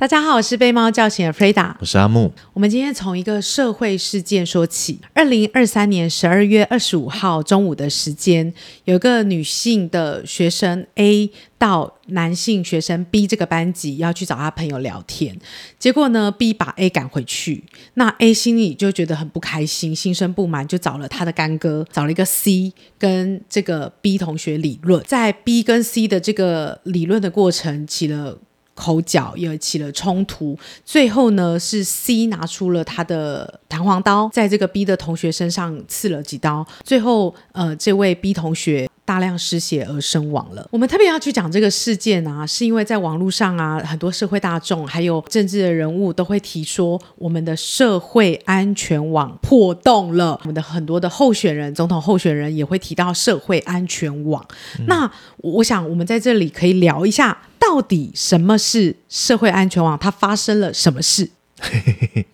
大家好，我是被貓叫醒的 Freda，我是阿木。我們今天從一個社會事件說起。二零二三年十二月二十五號中午的時間，有一個女性的學生 A 到男性學生 B 這個班級要去找他朋友聊天，結果呢，B 把 A 趕回去。那 A 心裡就覺得很不開心，心生不滿，就找了他的乾哥，找了一個 C 跟這個 B 同學理論。在 B 跟 C 的這個理論的過程，起了。口角也起了衝突，最後呢是 C 拿出了他的彈簧刀，在這個 B 的同學身上刺了幾刀，最後呃這位 B 同學。大量失血而身亡了。我們特別要去講這個事件啊，是因為在網絡上啊，很多社會大眾還有政治的人物都會提說我們的社會安全網破洞了。我們的很多的候選人，總統候選人也會提到社會安全網。嗯、那我想我們在這裡可以聊一下，到底什麼是社會安全網？它發生了什麼事？嘿嘿嘿，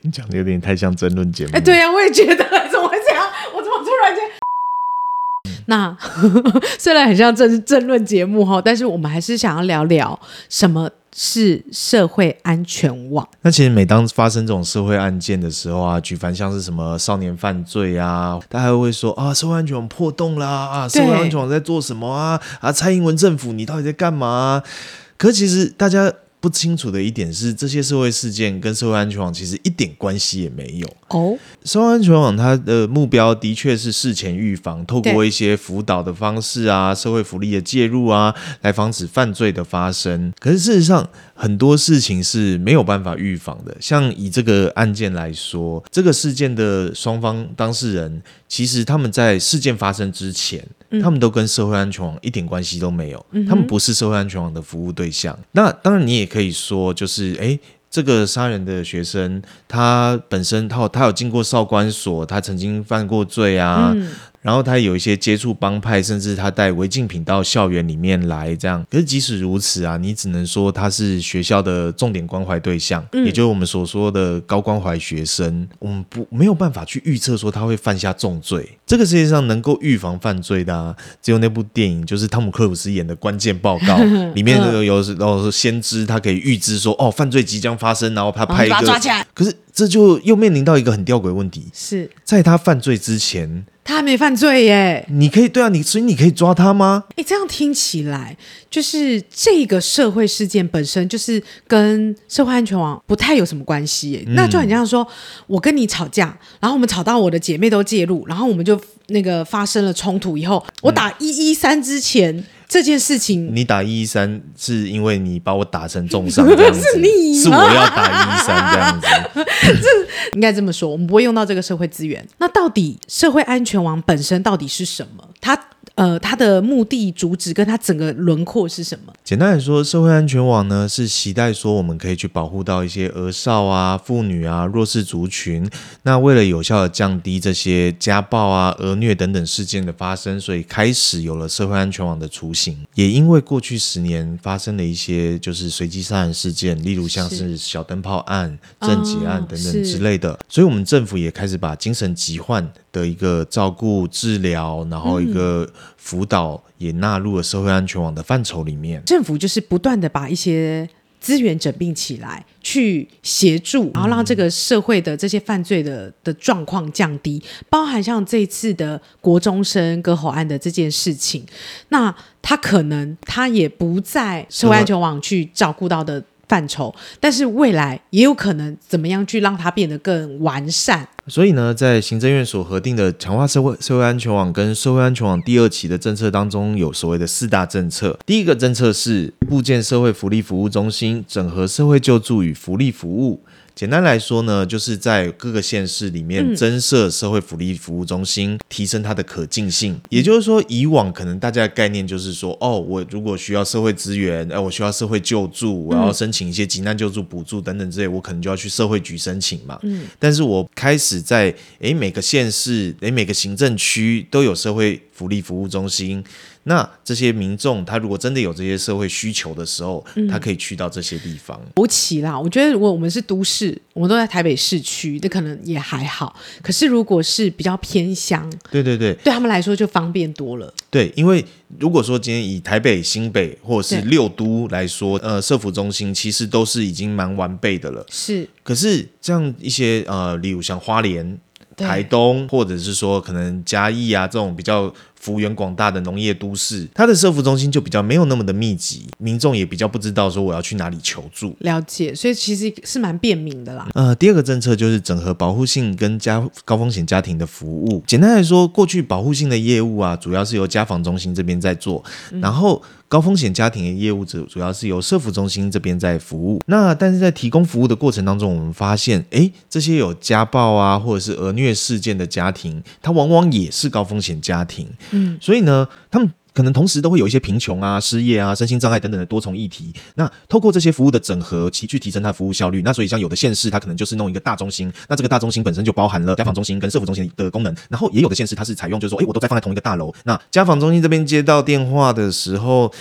你講得有點太像爭論節目。哎、欸，對啊，我也覺得。那呵呵雖然很像政政論節目哈，但是我們還是想要聊聊什麼是社會安全網。那其實每當發生這種社會案件的時候啊，舉凡像是什麼少年犯罪啊，大家會說啊，社會安全網破洞啦，啊，社會安全網在做什麼啊？啊，蔡英文政府你到底在幹嘛？可其實大家。不清楚的一點是，這些社會事件跟社會安全網其實一點關係也沒有。哦，社會安全網它的目標的確是事前預防，透過一些輔導的方式啊，社會福利的介入啊，來防止犯罪的發生。可是事實上，很多事情是沒有辦法預防的。像以這個案件來說，這個事件的雙方當事人，其實他們在事件發生之前。.他們都跟社會安全網一點關係都沒有。嗯，他們不是社會安全網的服務對象。那當然你也可以說，就是哎、欸，這個殺人的學生，他本身他有他有進過少管所，他曾經犯過罪啊。嗯。然後他有一些接觸幫派，甚至他帶違禁品到校園裡面來，這樣。可是即使如此啊，你只能說他是學校的重點關懷對象，嗯，也就是我們所說的高關懷學生。我們不沒有辦法去預測說他會犯下重罪。這個世界上能夠預防犯罪的啊，只有那部電影，就是湯姆克魯斯演的《關鍵報告》，裡面有有有說先知他可以預知說哦犯罪即將發生，然後他拍一個。啊，把他抓起來。可是，這就又面臨到一個很吊詭的問題，是在他犯罪之前。他還沒犯罪耶！你可以對啊，你所以你可以抓他嗎？哎、欸，這樣聽起來就是這個社會事件本身就是跟社會安全網不太有什麼關係耶、嗯。那就很像說，我跟你吵架，然後我們吵到我的姐妹都介入，然後我們就那個發生了衝突以後，嗯、我打一一三之前。這件事情，你打一一三是因為你把我打成重傷這樣子 是你，啊，是我要打一一三這樣子。 應該這麼說，我們不會用到這個社會資源。那到底社會安全網本身到底是什麼？它呃，它的目的主旨跟它整個輪廓是什麼？簡單來說，社會安全網呢是期待說我們可以去保護到一些兒少啊、婦女啊、弱勢族群。那為了有效的降低這些家暴啊、兒虐等等事件的發生，所以開始有了社會安全網的雛形。也因為過去十年發生了一些就是隨機殺人事件，例如像是小燈泡案、鄭捷案等等之類的、哦，所以我們政府也開始把精神疾患的一個照顧、治療，然後一個。輔導也納入了社會安全網的範疇裡面。政府就是不斷的把一些資源整併起來，去協助，然後讓這個社會的這些犯罪的的狀況降低。包含像這次的國中生割喉案的這件事情，那他可能他也不在社會安全網去照顧到的。範疇，但是未來也有可能怎麼樣去讓它變得更完善。所以呢，在行政院所核定的強化社會社會安全網跟社會安全網第二期的政策當中，有所謂的四大政策。第一個政策是布建社會福利服務中心，整合社會救助與福利服務。簡單來說呢，就是在各個縣市裡面增設社會福利服務中心，嗯、提升它的可近性。也就是說，以往可能大家的概念就是說，哦，我如果需要社會資源，哎、呃，我需要社會救助，我要申請一些急難救助補助等等之類，我可能就要去社會局申請嘛。嗯、但是我開始在哎、欸、每個縣市哎、欸、每個行政區都有社會。福利服務中心，那這些民眾他如果真的有這些社會需求的時候，嗯、他可以去到這些地方。不齊啦，我覺得如果我們是都市，我們都在台北市區，那可能也還好。可是如果是比較偏鄉、嗯，對對對，對他們來說就方便多了。對，因為如果說今天以台北、新北或者是六都來說，呃，社福中心其實都是已經蠻完備的了。是，可是這樣一些呃，例如像花蓮。台東，對。或者是說可能嘉義啊，這種比較幅員廣大的農業都市，它的社福中心就比較沒有那麼的密集，民眾也比較不知道說我要去哪裡求助。了解，所以其實是蠻便民的啦。呃，第二個政策就是整合保護性跟家高風險家庭的服務。簡單來說，過去保護性的業務啊，主要是由家防中心這邊在做，嗯、然後高風險家庭的業務主主要是由社福中心這邊在服務。那但是在提供服務的過程當中，我們發現，哎、欸，這些有家暴啊或者是兒虐事件的家庭，它往往也是高風險家庭。嗯，所以呢，他們可能同時都會有一些貧窮啊、失業啊、身心障礙等等的多重議題。那透過這些服務的整合，其去提升他的服務效率。那所以像有的縣市，它可能就是弄一個大中心。那這個大中心本身就包含了家防中心跟社福中心的功能。然後也有的縣市，它是採用就是說，誒、欸，我都在放在同一個大樓。那家防中心這邊接到電話的時候，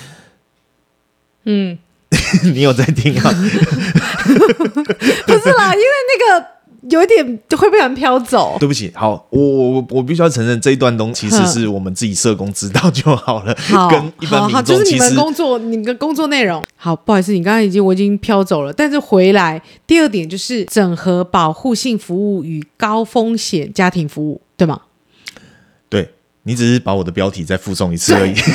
嗯， 你有在聽啊？ 不是啦，因為那個。有一點就會被人飄走。對不起，好，我我我必須要承認這一段東西其實是我們自己社工知道就好了，跟一般好好好，就是你們工作你的工作內容。好，不好意思，你剛剛已經我已經飄走了。但是回來，第二點就是整合保護性服務與高風險家庭服務，對嗎？對，你只是把我的標題再附送一次而已。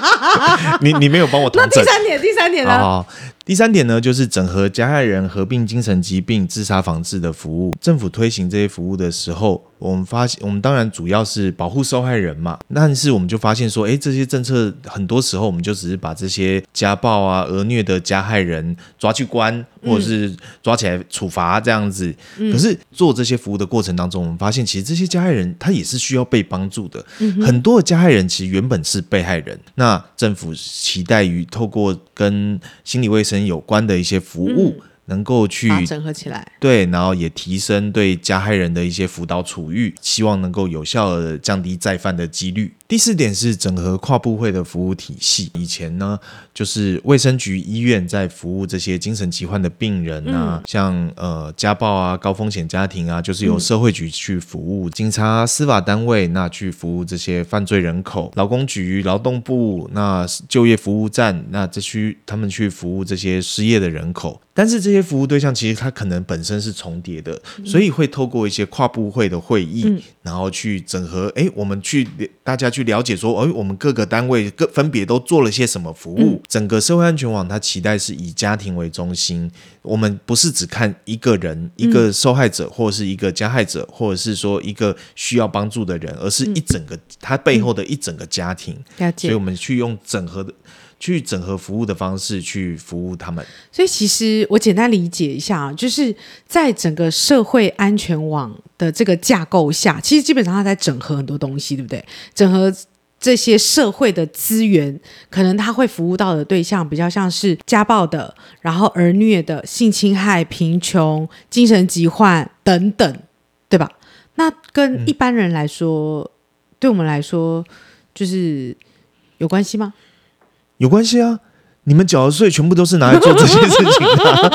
你你沒有幫我。那第三點，第三點呢？好好好第三點呢，就是整合加害人合併精神疾病自殺防治的服務。政府推行這些服務的時候，我們發現，我們當然主要是保護受害人嘛，但是我們就發現說，哎、欸，這些政策很多時候我們就只是把這些家暴啊、兒虐的加害人抓去關，或者是抓起來處罰這樣子。嗯。可是做這些服務的過程當中，我們發現其實這些加害人他也是需要被幫助的。嗯。很多的加害人其實原本是被害人。那政府期待於透過跟心理衛生。有關的一些服務。嗯。能夠去、啊、整合起來，對，然後也提升對加害人的一些輔導、處遇，希望能夠有效的降低再犯的幾率。第四點是整合跨部會的服務體系。以前呢，就是衛生局、醫院在服務這些精神疾患的病人啊，嗯、像呃家暴啊、高風險家庭啊，就是由社會局去服務；嗯、警察、司法單位那去服務這些犯罪人口；勞工局、勞動部那就業服務站那這區他們去服務這些失業的人口。但是這些服務對象其實它可能本身是重疊的、嗯，所以會透過一些跨部會的會議，嗯、然後去整合。誒、欸，我們去大家去了解說，誒、欸，我們各個單位各分別都做了些什麼服務？嗯、整個社會安全網它期待是以家庭為中心，我們不是只看一個人、嗯、一個受害者，或者是一個加害者，或者是說一個需要幫助的人，而是一整個他背後的一整個家庭。嗯嗯、了解、所以我們去用整合的。去整合服務的方式去服務他們，所以其實我簡單理解一下啊，就是在整個社會安全網的這個架構下，其實基本上它在整合很多東西，對不對？整合這些社會的資源，可能他會服務到的對象比較像是家暴的，然後兒虐的、性侵害、貧窮、精神疾患等等，對吧？那跟一般人來說，嗯、對我們來說，就是有關係嗎？有關係啊，你們繳的稅全部都是拿來做這些事情的，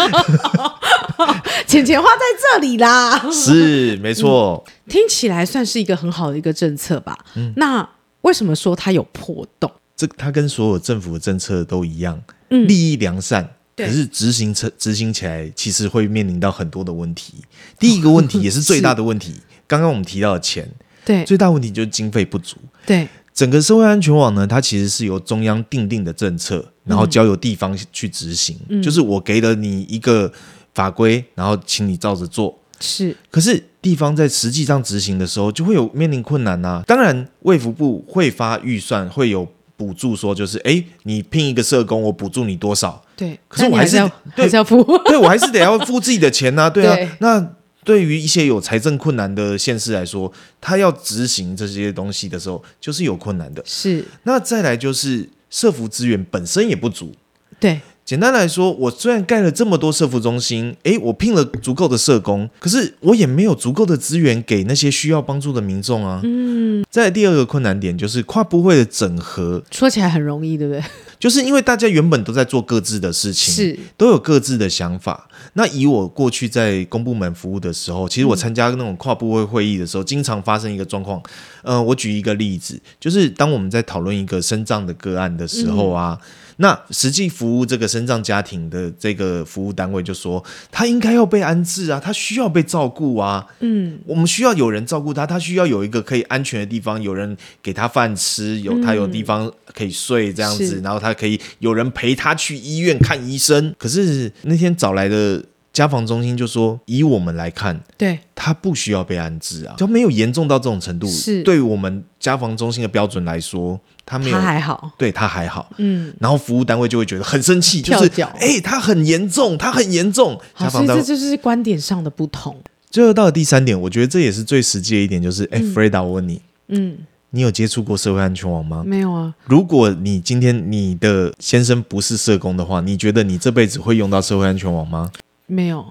錢錢花在這裡啦。是，沒錯。嗯，聽起來算是一個很好的一個政策吧？嗯，那為什麼說它有破洞？這它跟所有政府的政策都一樣，嗯，立意良善，可是執行成執行起來，其實會面臨到很多的問題。第一個問題也是最大的問題，剛 剛我們提到的錢，對，最大問題就是經費不足，對。整個社會安全網呢，它其實是由中央訂定的政策，然後交由地方去執行。嗯，就是我給了你一個法規，然後請你照着做。是，可是地方在實際上執行的時候，就會有面臨困難啊。當然，衛福部會發預算，會有補助，說就是，哎，你聘一個社工，我補助你多少。對，可是我還是還是，要對，還是要付，對，我還是得要付自己的錢啊。對啊，對那。對於一些有財政困難的縣市來說，他要執行這些東西的時候，就是有困難的。是，那再來就是社福資源本身也不足。對，簡單來說，我雖然蓋了這麼多社福中心，哎，我聘了足夠的社工，可是我也沒有足夠的資源給那些需要幫助的民眾啊。嗯。再來第二個困難點就是跨部會的整合，說起來很容易，對不對？就是因為大家原本都在做各自的事情，是，都有各自的想法。那以我過去在公部門服務的時候，其實我參加那種跨部會會議的時候，嗯、經常發生一個狀況。呃，我舉一個例子，就是當我們在討論一個身障的個案的時候啊。嗯那實際服務這個身障家庭的這個服務單位就說，他應該要被安置啊，他需要被照顧啊，嗯，我們需要有人照顧他，他需要有一個可以安全的地方，有人給他飯吃，有他有地方可以睡這樣子，嗯，然後他可以有人陪他去醫院看醫生。是。可是那天找來的。家防中心就說：“以我們來看，對，他不需要被安置啊，就沒有嚴重到這種程度。是，對我們家防中心的標準來說，他沒有，他還好，對，他還好。嗯，然後服務單位就會覺得很生氣，嗯、就是，哎、欸，他很嚴重，他很嚴重。家防單位，這就是觀點上的不同。最後到了第三點，我覺得這也是最實際的一點，就是，哎、嗯、Freda 我問你，嗯，你有接觸過社會安全網嗎？沒有啊。如果你今天你的先生不是社工的話，你覺得你這輩子會用到社會安全網嗎？”沒有，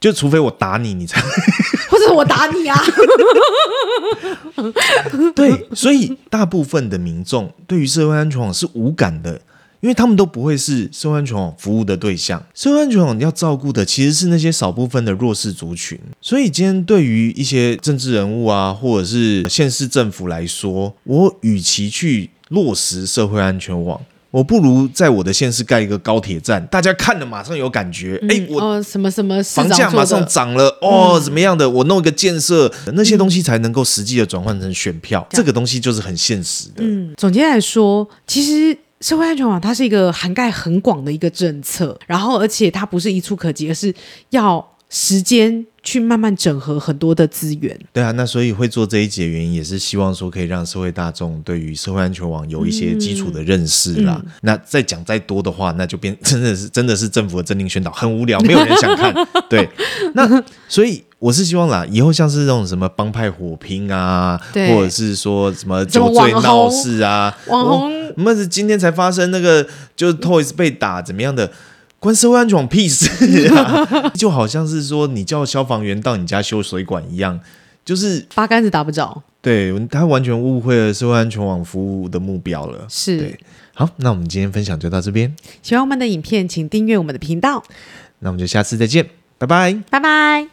就除非我打你，你才，或者我打你啊。 對，所以大部分的民眾對於社會安全網是無感的，因為他們都不會是社會安全網服務的對象。社會安全網要照顧的其實是那些少部分的弱勢族群。所以今天對於一些政治人物啊，或者是縣市政府來說，我與其去落實社會安全網。我不如在我的縣市蓋一個高鐵站，大家看了馬上有感覺，哎、嗯欸，我、嗯哦、什麼、嗯、什麼房價馬上漲了哦，怎麼樣的？我弄一個建設，那些東西才能夠實際的轉換成選票，嗯，這個東西就是很現實的。嗯，總結來說，其實社會安全網它是一個涵蓋很廣的一個政策，然後而且它不是一蹴可幾，而是要時間去慢慢整合很多的資源。對啊，那所以會做這一節的原因，也是希望說可以讓社會大眾對於社會安全網有一些基礎的認識啦。嗯嗯、那再講再多的話，那就變真的是真的是政府的政令宣導，很無聊，沒有人想看。 對，那所以我是希望啦，以後像是這種什麼幫派火拼啊，或者是說什麼酒醉鬧事啊，哦、我們是今天才發生那個就是 Toys 被打怎麼樣的。關社會安全網屁事，Peace 啊、 就好像是說你叫消防員到你家修水管一樣，就是八竿子打不着。對，他完全誤會了社會安全網服務的目標了。是，對，好，那我們今天分享就到這邊。喜歡我們的影片，請訂閱我們的頻道。那我們就下次再見，拜拜，拜拜。